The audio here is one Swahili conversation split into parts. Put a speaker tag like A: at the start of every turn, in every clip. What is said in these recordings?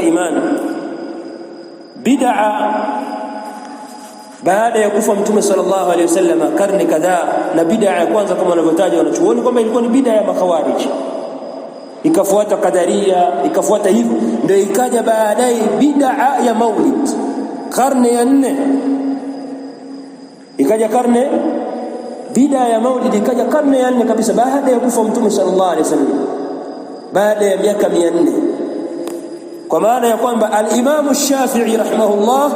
A: katika imani. Bid'a baada ya kufa Mtume sallallahu alaihi wasallam, karne kadhaa, na bid'a ya kwanza kama wanavyotaja wanachuoni kwamba ilikuwa ni bid'a ya makhawariji, ikafuata kadaria, ikafuata hivyo, ndio ikaja baadaye bid'a ya maulid karne ya nne, ikaja karne bid'a ya maulid ikaja karne ya nne kabisa baada ya kufa Mtume sallallahu alaihi wasallam, baada ya miaka mia kwa maana ya kwamba alimamu Shafi'i rahimahullah,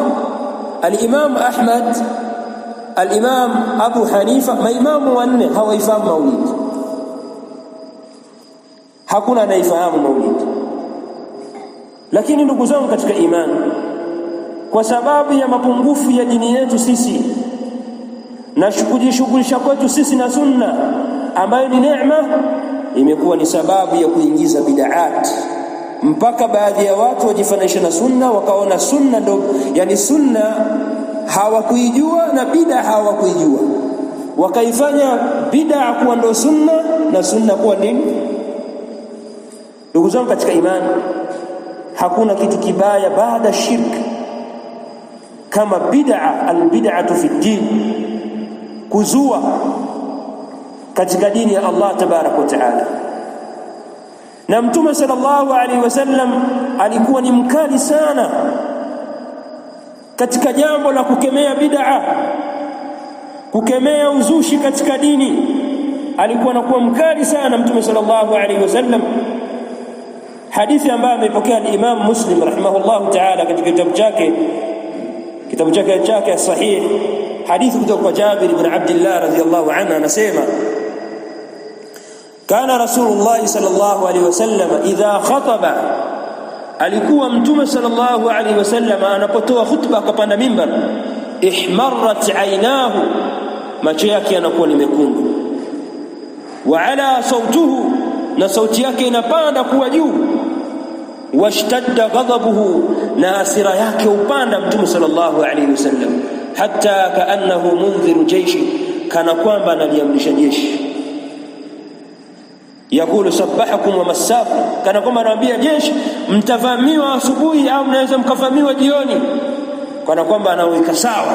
A: alimamu Ahmad, al Abu Hanifa, maimamu wanne hawaifahamu maulidi, hakuna anaifahamu maulidi. Lakini ndugu zangu katika imani, kwa sababu ya mapungufu ya dini yetu sisi na kujishughulisha kwetu sisi na sunna ambayo ni neema, imekuwa ni sababu ya kuingiza bidaati mpaka baadhi ya watu wajifananisha na sunna, wakaona sunna ndo, yani sunna hawakuijua na bidaa hawakuijua, wakaifanya bidaa kuwa ndo sunna na sunna kuwa nini. Ndugu zangu katika imani, hakuna kitu kibaya baada shirk kama bidaa albid'atu fi dini kuzua katika dini ya Allah tabaraka wa taala na mtume sallallahu alaihi wasallam alikuwa ni mkali sana katika jambo la kukemea bid'a, kukemea uzushi katika dini. Alikuwa anakuwa mkali sana mtume sallallahu alaihi wasallam, hadithi ambayo ameipokea al-Imam Muslim rahimahullahu ta'ala katika kitabu chake kitabu chake chake Sahih, hadithi kutoka kwa Jabir ibn Abdullah radhiyallahu anhu anasema Kana Rasulullahi sallallahu alaihi wasallam idha khataba, alikuwa mtume sallallahu alaihi wasallam anapotoa khutba akapanda mimbar, ihmarat ainahu, macho yake yanakuwa ni mekundu, wa ala sautuhu, na sauti yake inapanda kuwa juu, washtadda ghadabuhu, na hasira yake upanda mtume sallallahu alaihi wasallam, hatta kaannahu mundhiru jeishi, kana kwamba analiamrisha jeshi yakulu sabahakum wa masakum, kana kwamba anawaambia jeshi mtavamiwa asubuhi au mnaweza mkavamiwa jioni, kana kwamba anaweka sawa.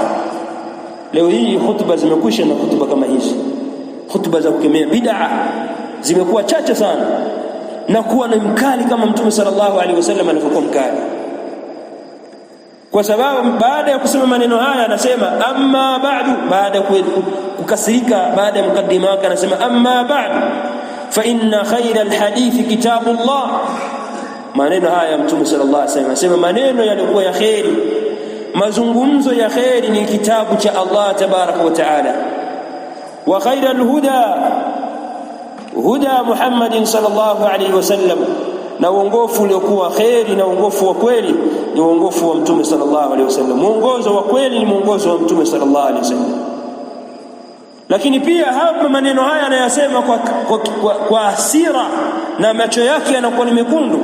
A: Leo hii hutuba zimekwisha, na hutuba kama hizi, hutuba za kukemea bid'a zimekuwa chache sana, na kuwa ni mkali kama Mtume sallallahu alaihi wasallam alivyokuwa mkali, kwa sababu baada ya kusema maneno haya anasema amma ba'du, baada ya kukasirika, baada ya mukaddima wake anasema amma ba'du fa inna khaira alhadithi kitabullah. Maneno haya ya Mtume sallallahu alaihi wasallam asema maneno yaliokuwa ya kheri, mazungumzo ya kheri ni kitabu cha Allah tabaraka wa taala. Wa khaira alhuda huda Muhammadin sallallahu alaihi wasallam, na uongofu uliokuwa kheri na uongofu wa kweli ni uongofu wa Mtume sallallahu alaihi wasallam. Muongozo wa kweli ni muongozo wa Mtume sallallahu alaihi wasallam. Lakini pia hapa maneno haya anayasema kwa, kwa, kwa, kwa asira na macho yake yanakuwa ni mekundu,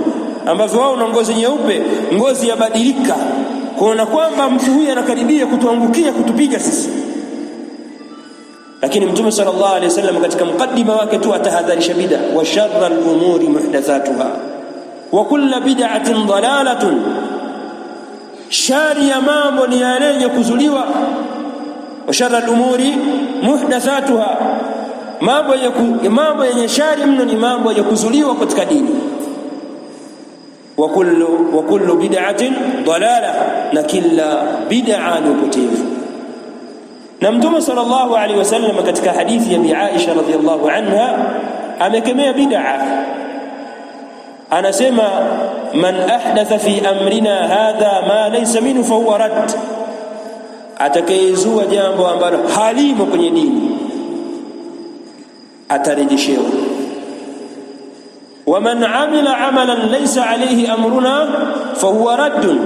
A: ambazo wao na ngozi nyeupe, ngozi yabadilika kuona kwamba mtu huyu anakaribia kutuangukia, kutupiga sisi. Lakini Mtume sallallahu alaihi wasallam katika mukaddima wake tu atahadharisha bida wa sharra al-umuri muhdathatuha wa kullu bid'atin dalalatun, shari ya mambo ni yale yenye kuzuliwa wa shara lumuri muhdathatuha, mambo yenye shari mno ni mambo ya kuzuliwa katika dini. Wa kullu wa kullu bid'atin dalala, na kila bid'a ni upotevu. Na Mtume sallallahu alaihi wasallam katika hadithi ya Bi Aisha radhiyallahu anha amekemea bid'a, anasema man ahdatha fi amrina hadha ma laysa minhu fahuwa radd atakayezua jambo ambalo halimo kwenye dini atarejeshewa. Waman amila amalan laysa alayhi amruna fahuwa raddun,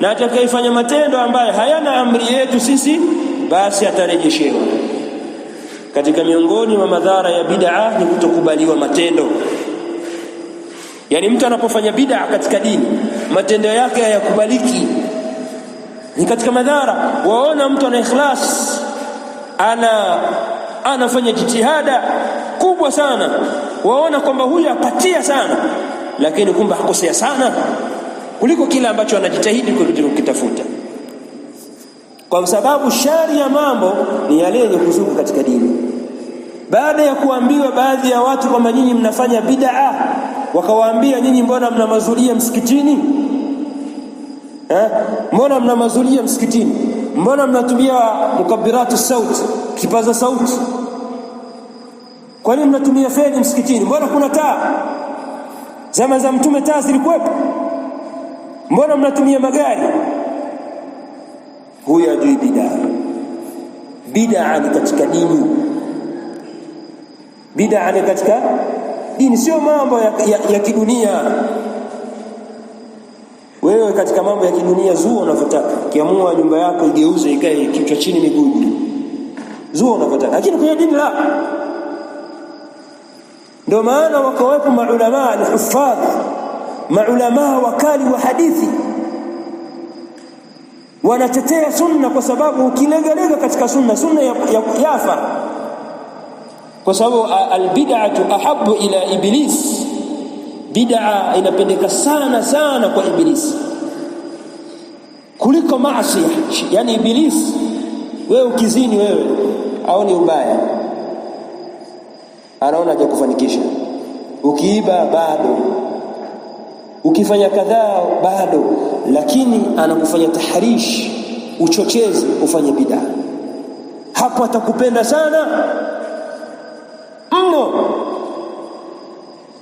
A: na atakayefanya matendo ambayo hayana amri yetu sisi basi atarejeshewa. Katika miongoni mwa madhara ya bid'a ni kutokubaliwa matendo. Yani mtu anapofanya bid'a katika dini matendo yake hayakubaliki ni katika madhara, waona mtu ana ikhlas, ana anafanya jitihada kubwa sana, waona kwamba huyu apatia sana, lakini kumbe hakosea sana kuliko kile ambacho anajitahidi kukitafuta, kwa sababu shari ya mambo ni yale yenye kuzuka katika dini. Baada ya kuambiwa baadhi ya watu kwamba nyinyi mnafanya bid'a, wakawaambia nyinyi, mbona mna mazulia msikitini eh? Mbona mna mazulia msikitini? Mbona mnatumia mukabiratu sauti, kipaza sauti? Kwa nini mnatumia feni msikitini? Mbona kuna taa? Zama za Mtume taa zilikuwepo? Mbona mnatumia magari? Huyu ajui bidaa. Bidaa ni katika dini, bidaa ni katika dini, sio mambo ya, ya, ya kidunia wewe katika mambo ya kidunia, zua unavyotaka. Kiamua nyumba yako igeuze ikae kichwa chini miguu juu, zua unavyotaka, lakini kwenye dini la. Ndio maana wakawepo maulamaa alhuffadh, maulamaa wakali wa hadithi wanatetea sunna kwa sababu ukilegalega katika sunna sunna yafa, kwa sababu albid'atu ahabu ila iblisi Bid'a inapendeka sana sana kwa Ibilisi kuliko maasi. Yani Ibilisi, wewe ukizini, wewe aoni ubaya, anaona haja kufanikisha. Ukiiba bado, ukifanya kadhaa bado, lakini anakufanya taharishi, uchochezi, ufanye bidaa Hapo atakupenda sana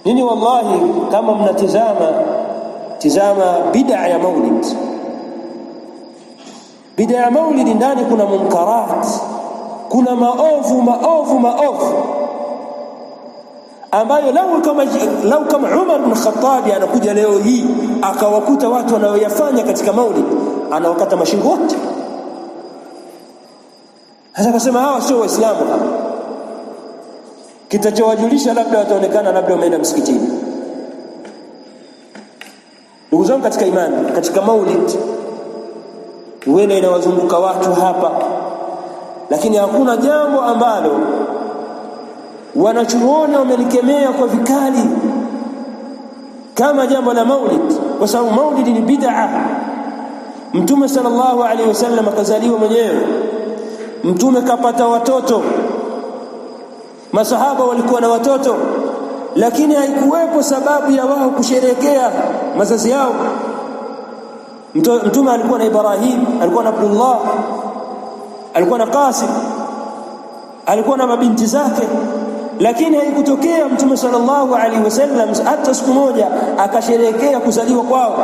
A: Nini, wallahi, kama mnatizama tizama bid'a ya maulid. Bid'a ya maulid ndani kuna munkarat, kuna maovu maovu maovu ambayo lau kama, lau kama Umar bin Khattab anakuja leo hii akawakuta watu wanaoyafanya katika maulid anawakata mashingo wote. Sasa kasema hawa sio Waislamu hapa kitachowajulisha labda wataonekana labda wameenda msikitini. Ndugu zangu katika imani, katika maulid wena inawazunguka watu hapa, lakini hakuna jambo ambalo wanachuoni wamelikemea kwa vikali kama jambo la maulid, kwa sababu maulid ni bid'a. Mtume sallallahu alaihi wasallam akazaliwa mwenyewe, mtume kapata watoto Masahaba walikuwa na watoto, lakini haikuwepo sababu ya wao kusherekea mazazi yao. Mtume alikuwa na Ibrahim, alikuwa na Abdullah, alikuwa na Qasim, alikuwa na mabinti zake, lakini haikutokea Mtume sallallahu alaihi wasallam hata siku moja akasherekea kuzaliwa kwao,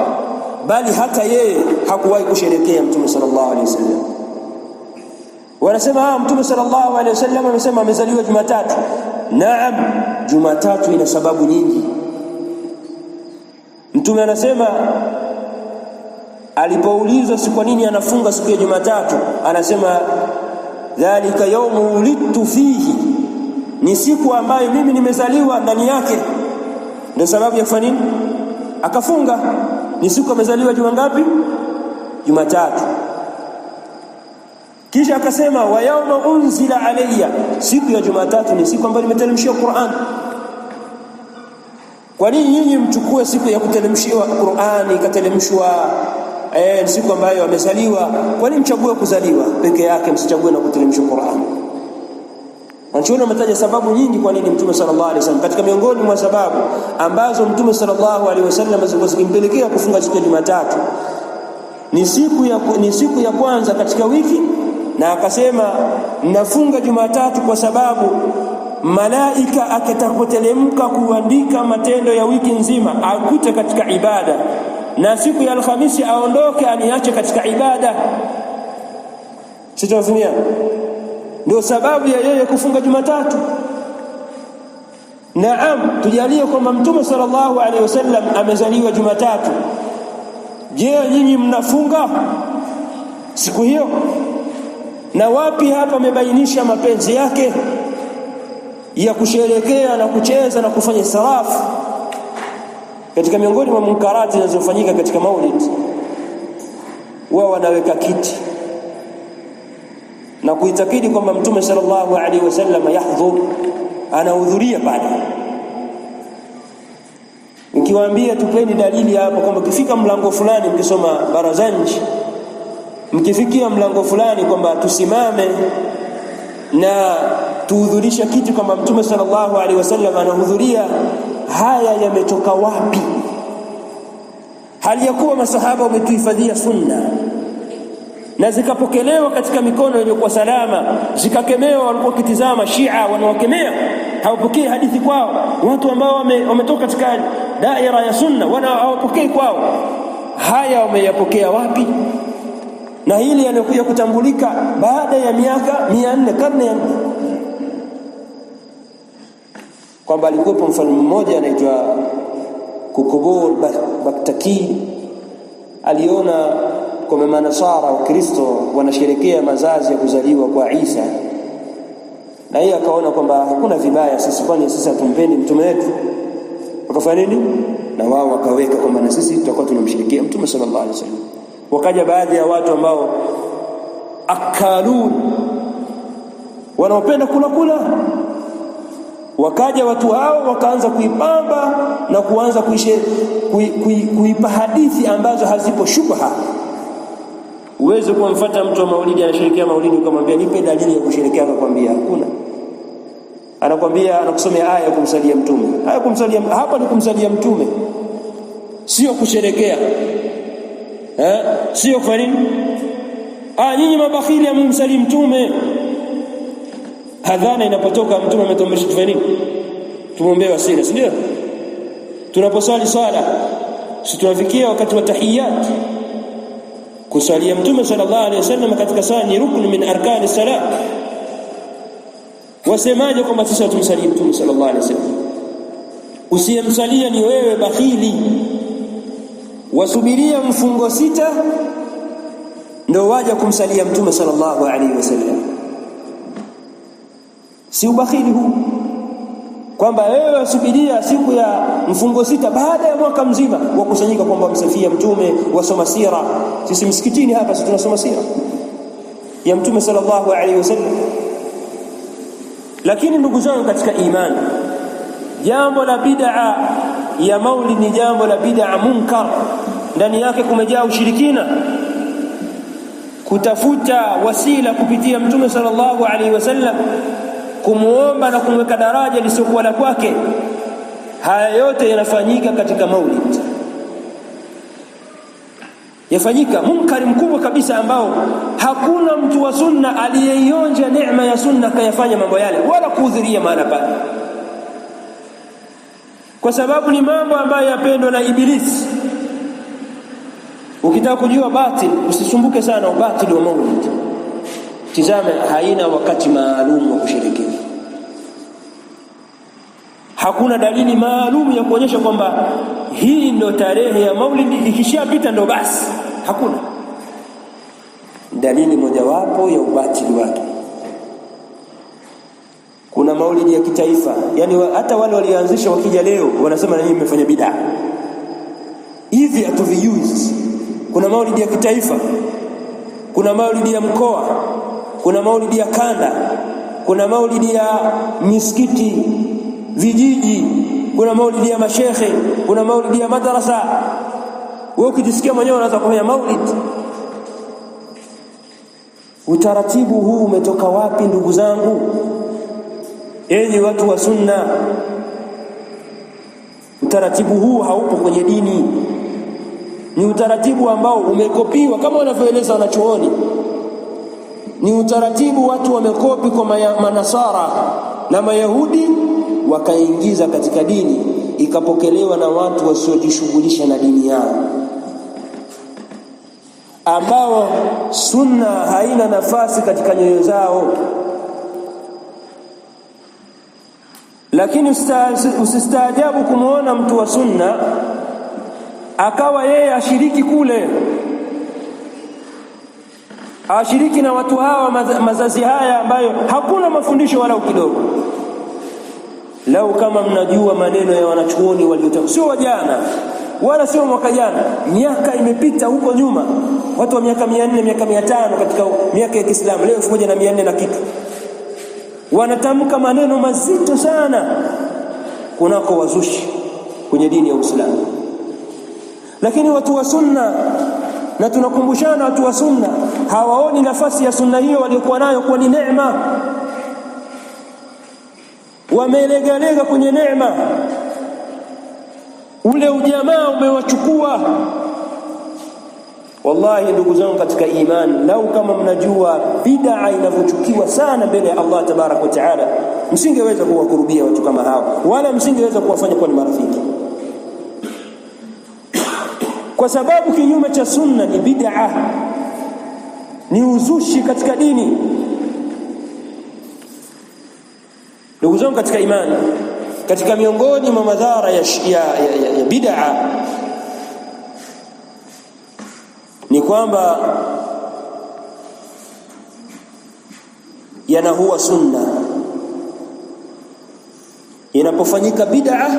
A: bali hata yeye hakuwahi kusherekea Mtume sallallahu alaihi wasallam wanasema ah, Mtume sallallahu alaihi wasallam amesema amezaliwa Jumatatu. Naam, Jumatatu ina sababu nyingi. Mtume anasema alipoulizwa si kwa nini anafunga siku ya Jumatatu, anasema dhalika yaumu ulidtu fihi, ni siku ambayo mimi nimezaliwa ndani yake. Ndio sababu ya kufanya nini? Akafunga. Ni siku amezaliwa juma ngapi? Jumatatu. Kisha akasema wa yawma unzila alayya, siku ya Jumatatu ni siku ambayo nimeteremshiwa Qur'an. Kwa nini nyinyi mchukue siku ya kuteremshiwa Qur'ani ikateremshwa eh, siku ambayo amezaliwa? Kwa nini mchague kuzaliwa peke yake, msichague na kuteremshwa Qur'an? Wanachuoni wametaja sababu nyingi kwa nini Mtume sallallahu alaihi wasallam, katika miongoni mwa sababu ambazo Mtume sallallahu alaihi wasallam zikimpelekea kufunga siku ya Jumatatu, ni siku ya ni siku ya kwanza katika wiki na akasema nafunga Jumatatu kwa sababu malaika akatapotelemka kuandika matendo ya wiki nzima akute katika ibada, na siku ya Alhamisi aondoke aniache katika ibada. Sitazunia, ndio sababu ya yeye kufunga Jumatatu. Naam, tujalie kwamba Mtume sallallahu alaihi wasallam amezaliwa Jumatatu. Je, nyinyi mnafunga siku hiyo? na wapi hapa amebainisha mapenzi yake ya kusherekea na kucheza na kufanya sarafu katika miongoni mwa munkarati zinazofanyika katika maulid, wao wanaweka kiti na kuitakidi kwamba Mtume sallallahu alaihi wasallam yahdhur, anahudhuria pale. Nikiwaambia tupeni dalili hapo kwamba ukifika mlango fulani mkisoma Barazanji mkifikia mlango fulani kwamba tusimame na tuhudhurisha kitu kwamba Mtume sallallahu alaihi wasallam anahudhuria haya, yametoka wapi, hali ya kuwa masahaba wametuhifadhia sunna na zikapokelewa katika mikono iliyokuwa salama, zikakemewa. Walikuwa wakitizama Shia wanawakemea, hawapokei hadithi kwao, watu ambao wametoka katika daira ya sunna wana hawapokei kwao. Haya wameyapokea wapi? na hili yanakuja kutambulika baada ya miaka mia nne, karne ya kwamba alikuwepo mfalme mmoja anaitwa Kukubur Baktaki. Aliona kwamba manasara wa Kristo wanasherekea mazazi ya kuzaliwa kwa Isa, na yeye akaona kwamba hakuna vibaya sisi, kwani sisi hatumpendi mtume wetu. akafanya nini? Na wao wakaweka kwamba na sisi tutakuwa tunamsherekea mtume sallallahu alaihi wasallam. Wakaja baadhi ya watu ambao akalun, wanaopenda kula kula. Wakaja watu hao wakaanza kuipamba na kuanza kuipa kui, kui, hadithi ambazo hazipo shubha. Uweze kumfuata mtu wa maulidi anasherekea maulidi ukamwambia nipe dalili ya kusherekea, akakwambia hakuna. Anakwambia, anakusomea aya ya kumsalia Mtume. Aya kumsalia hapa ni kumsalia Mtume, sio kusherekea eh sio kwa ah, nyinyi mabakhili hamumsalimu mtume hadhana inapotoka mtume ametuamrisha tufanye nini tumuombee wasila si ndio tunaposwali swala si tunafikia wakati wa tahiyat kusalia mtume sallallahu alaihi wasallam katika sala ni rukn min arkani sala wasemaje kwamba sisi tumsalie mtume sallallahu alaihi wasallam usiyemsalia ni wewe bakhili wasubiria mfungo sita ndio waja kumsalia Mtume sallallahu alaihi wasallam. Si ubakhili huu kwamba wewe wasubiria siku ya mfungo sita baada ya mwaka mzima wakusanyika, kwamba wamsifia Mtume, wasoma sira. Sisi msikitini hapa sisi tunasoma sira ya Mtume sallallahu alaihi wasallam. Lakini ndugu zangu katika imani, jambo la bid'a ya maulid ni jambo la bid'a munkar ndani yake kumejaa ushirikina, kutafuta wasila kupitia Mtume sallallahu alaihi wasallam, kumwomba na kumweka daraja lisiokuwa la kwake. Haya yote yanafanyika katika maulid, yafanyika munkari mkubwa kabisa, ambao hakuna mtu wa sunna aliyeionja neema ya sunna akayafanya mambo yale wala kuhudhuria mahala pale, kwa sababu ni mambo ambayo yapendwa na Ibilisi. Ukitaka kujua batil, usisumbuke sana ubatili wa maulid. Tizame, haina wakati maalum wa kusherekea. Hakuna dalili maalum ya kuonyesha kwamba hii ndio tarehe ya maulid ikishapita ndio basi. Hakuna dalili mojawapo ya ubatili wake. Kuna maulidi ya kitaifa, yani hata wale walioanzisha wakija leo wanasema na nyinyi mmefanya bidaa. Hivi hatuvijui sisi kuna maulidi ya kitaifa, kuna maulidi ya mkoa, kuna maulidi ya kanda, kuna maulidi ya misikiti, vijiji, kuna maulidi ya mashekhe, kuna maulidi ya madrasa. Wewe ukijisikia mwenyewe unaweza kufanya maulidi. Utaratibu huu umetoka wapi, ndugu zangu, enyi watu wa Sunna? Utaratibu huu haupo kwenye dini ni utaratibu ambao umekopiwa kama wanavyoeleza wanachuoni, ni utaratibu watu wamekopi kwa manasara na Mayahudi wakaingiza katika dini, ikapokelewa na watu wasiojishughulisha na dini yao, ambao sunna haina nafasi katika nyoyo zao. Lakini usistaajabu kumwona mtu wa sunna akawa yeye ashiriki kule, ashiriki na watu hawa mazazi haya ambayo hakuna mafundisho walau kidogo. Lau kama mnajua maneno ya wanachuoni waliotoka, sio wajana wala sio mwaka jana, miaka imepita huko nyuma, watu wa miaka mia nne miaka mia tano katika miaka ya Kiislamu, leo elfu moja na mia nne na kitu, wanatamka maneno mazito sana kunako wazushi kwenye dini ya Uislamu. Lakini watu wa sunna, na tunakumbushana watu wa sunna hawaoni nafasi ya sunna hiyo waliokuwa nayo kuwa ni neema. Wamelegalega kwenye neema, ule ujamaa umewachukua. Wallahi ndugu zangu katika imani, lau kama mnajua bid'a inavyochukiwa sana mbele ya Allah tabaraka wa taala, msingeweza kuwakurubia watu kama hao, wala msingeweza kuwafanya kuwa ni marafiki kwa sababu kinyume cha sunna ni bid'a, ni uzushi katika dini. Ndugu zangu katika imani, katika miongoni mwa madhara ya, ya, ya, ya bid'a ni kwamba yanahua sunna. Inapofanyika bid'a,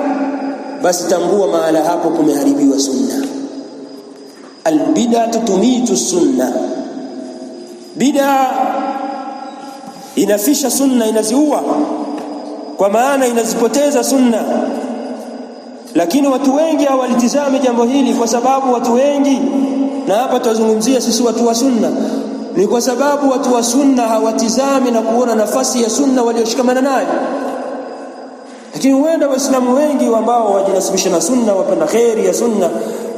A: basi tangua mahala hapo kumeharibiwa sunna albid'atu tumitu sunna, bid'a inafisha sunna, inaziua kwa maana inazipoteza sunna. Lakini watu wengi hawalitizami jambo hili, kwa sababu watu wengi, na hapa tuwazungumzia sisi watu wa sunna, ni kwa sababu watu wa sunna hawatizami na kuona nafasi ya sunna walioshikamana nayo. Lakini huenda Waislamu wengi ambao wajinasibisha na sunna, wapenda kheri ya sunna,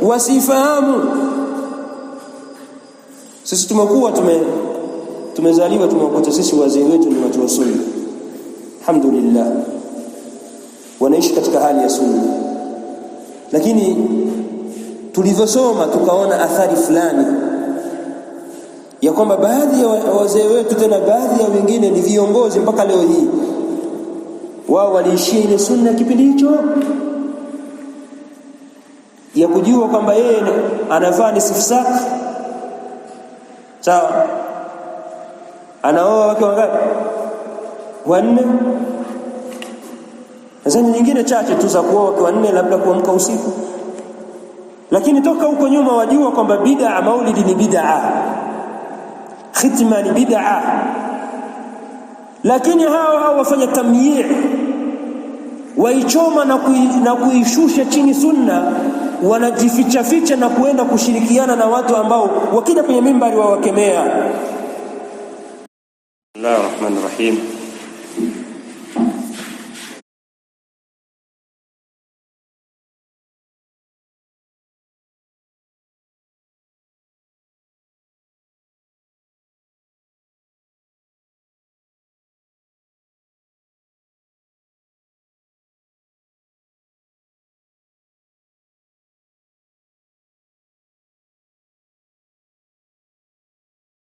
A: wasifahamu sisi tumekuwa tume tumezaliwa tumekuta sisi wazee wetu ni watu wa sunna, alhamdulillah, wanaishi katika hali ya sunna, lakini tulivyosoma tukaona athari fulani ya kwamba baadhi ya wazee wetu, tena baadhi ya wengine ni viongozi mpaka leo hii, wao waliishia ile sunna kipindi hicho ya kujua kwamba yeye anavaa ni sifsaki sawa anaoa wake wangapi wanne nadhani nyingine chache tu za kuoa wake wanne labda kuamka usiku lakini toka huko nyuma wajua kwamba bid'a maulidi ni bid'a khitma ni bid'a lakini hao hao wafanya tamyii waichoma na kuishusha chini sunna wanajificha ficha na kuenda kushirikiana na watu ambao wakija kwenye mimbari wawakemea. Bismillahir Rahmanir Rahim